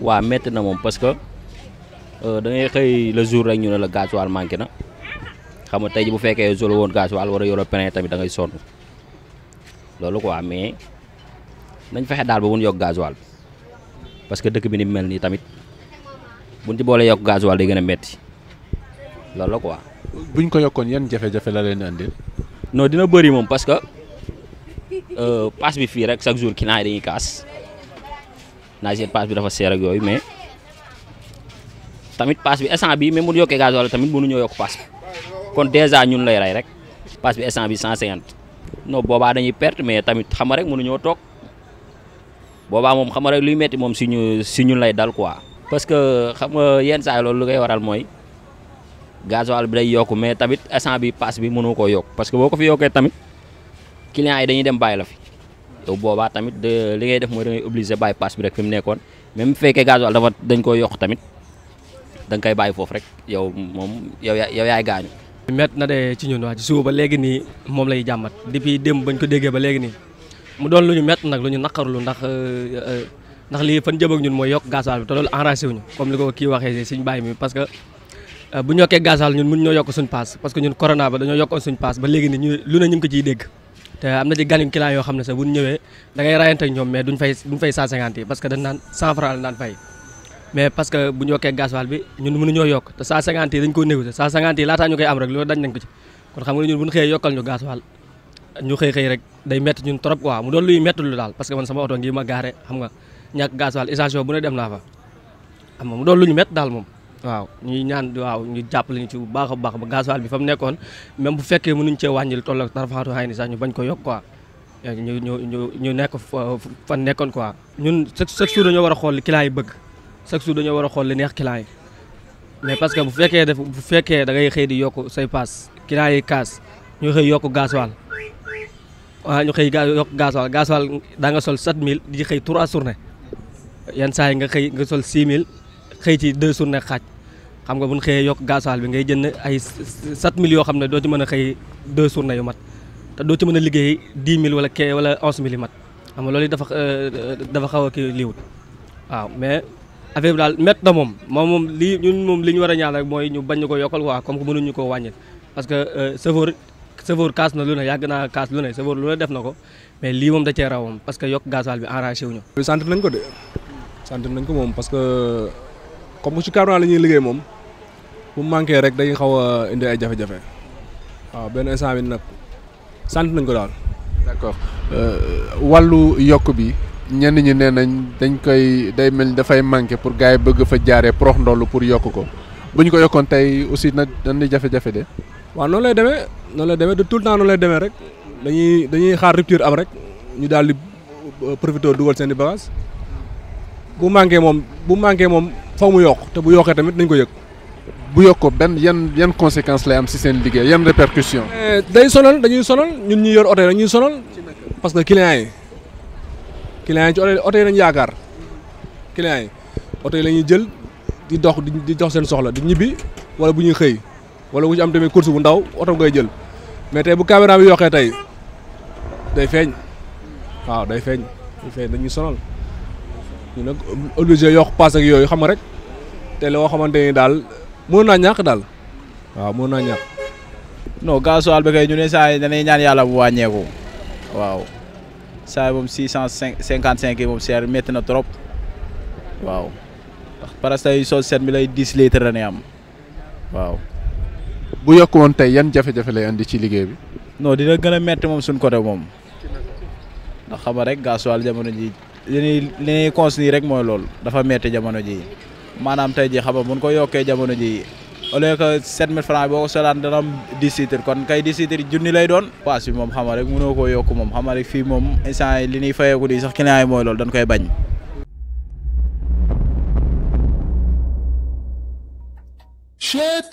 waa métti na moom parce que euh, da ngay xëy le jour rek ñu ne la gasoil manqué na xam nga tey ji bu fekkee solo woon gasoil war a yoro plein tamit da ngay sonn loolu quoi mais nañ fexe daal ba mun yokk gasoil parce que dëkk bi ni mel nii tamit buñ ci boolee yokk gasoil day gën a métti loolu la quoi. buñ ko yokkoon yan jafe-jafe la leen andil. non dina bëri moom parce que euh, paas bi fii rek chaque jour client yi dañuy kaas. naa seet paas bi dafa seer yooyu mais tamit paas bi essence bi même bu ñu yokkee gaz wala tamit mënuñoo yokk paas bi kon dèjà ñun lay rey rek paas bi essence bi 150 non boobaa dañuy perte mais tamit xam nga rek mënuñoo toog boobaa moom xam nga rek luy metti moom si ñu si ñun lay dal quoi. parce que xam nga yenn saa loolu lu koy waral mooy gasoil bi day yokk mais tamit essence bi paas bi mënoo koo yokk parce que boo ko fi yokkee tamit clients yi dañuy dem bàyyi yow boobaa tamit li ngay def mooy da ngay obligé bàyyi paas bi rek fi mu nekkoon même bu fekkee gasoil dafa dañ koo yokk tamit da nga bàyyi foofu rek yow moom yow yow yaay gaañu. met na ci ñun waa ci suba ba nii moom lay jàmmat depuis démb bañ ko déggee ba léegi nii mu doon lu ñu met nag lu ñu naqarlu lu euh, euh, ndax lii fan jëm ñun mooy yokk gasoil bi te loolu enragé wuñu comme li ko kii waxee suñu bàyyi mi parce que euh, bu ñu yokkee gasoil ñun mun ñoo yokk suñ paas parce ñun corona ba dañoo yokkoon suñ paas ba ñu ngi ko ciy dégg te am na di ganim client yoo xam ne sax bu ñu ñëwee da ngay rayante ak ñoom mais duñ fay fay 150 yi parce parce que bu ñu yokkee gasoil bi yokk te 150 yi dañ koy am rek loolu dañ nañ ko ci kon xam nga ñun bu ñu xëyee yokkal ñu gasoil ñu xëy xëy rek day métti ñun trop quoi mu mu doon lu ñu métti daal moom waaw ñuy ñaan waaw ñu jàppale ñu ci bu baax a baax ba gasoil bi fa mu nekkoon même bu fekkee mënuñ cee wàññil toll ak tarafaatu xay ni sax ñu bañ ko yokk quoi ñu ñu ñu ñu nekk fa nekkoon quoi ñun chaque jour dañoo war a xool li yi bëgg chaque jour dañoo war a xool li neex client yi mais parce que bu fekkee def bu fekkee da ngay xëy di yokk say paas client yi kaas ñu xëy yokk gasoil waa ñu xëy yokk gasoil gasoil daa nga sol 7000 di xëy 3 journée yan saa yi nga xëy nga sol 6000 xëy ci 2 journée xaaj xam nga bu ñu xëyee yokk gasoil bi ngay jënd ay 7000 yoo xam ne doo ci mën a xëy deux journées yu mat te doo ci mën a liggéey 10 000 wala kee wala 11 000 yu mat xam nga loolu dafa euh, dafa xaw a kii liiwut waaw mais affaire bi daal mett na moom moom moom lii ñun moom li ñu war a ñaan rek mooy ñu bañ ñu ko yokkal waa comme que mënuñu koo wàññil parce que sëfoor euh, sëfoor kaas na lu ne yàgg naa kaas lu ne sëfoor lu ne def na ko mais lii moom da cee raw que yokk gasoil bi enragé wuñu sant nañ ko de moom parce que comme que ci la ñuy liggéey moom bu manqué rek day xaw a indi ay jafe-jafe waaw benn instant nag sant nañ ko daal. d'accord euh, wàllu yokk bi ñenn ñi nee nañ dañ koy day mel dafay manqué pour gars yi bëgg fa jaaree prox ndollu pour yokk ko bu ñu ko yokkoon tey aussi nag dañ di jafe-jafe de. waaw noonu lay demee noonu lay demee de tout le temps noonu lay demee rek dañuy dañuy xaar rupture am rek ñu daal di euh, profité dugal seen i bagage bu manqué moom bu manqué moom faw mu yokk te bu yokkee tamit nañ ko yëg. bu yokkoo benn yan yan conséquence lay am si seen liggéey yan répercussion euh, day sonal dañuy sonal ñun ñu yor oto yi dañuy sonol parce que client yi client yi ci oto yi dañu yaakaar client yi oto la ñuy jël di dox di dox seen soxla di ñibbi wala bu ñuy xëy wala bu ñu am tamit course bu ndaw oto ngay jël mais tey bu caméra bi yokkee tey day feeñ waaw day feeñ day feeñ dañuy sonal ñu nag yokk paas ak yooyu xam nga rek te loo xamante ni daal. mën naa ñàkk daal waaw mën naa ñàkk. non gasoil bi kay ñu ne saa yi danay ñaan yàlla bu wàññeeku waaw saa yi moom six cent cinquante cinq yi moom seer métti na trop waaw ndax parce que ay soos set mi lay dix litres la am waaw. bu yokk woon tey yan jafe-jafe lay andi ci liggéey bi. non dina gën a métti moom suñ côté moom ndax xam rek gasoil jamono ji li ñuy li ñuy rek mooy loolu dafa métti jamono ji maanaam tey ji xam nga mun koy yokkee jamono ji au lieu que 7000 francs boo ko solaan dana am 10 litres kon kay 10 junni lay doon paas bi moom xam nga rek mënoo koo yokk moom xam nga rek fii moom instant yi li ñuy fayeeku di sax client yi mooy loolu dañ koy bañ chettt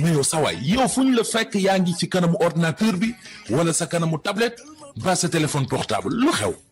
mais yow sawaay yow fu ñu la fekk yaa ngi ci kanamu ordinateur bi wala sa kanamu tablette ba sa téléphone portable lu xew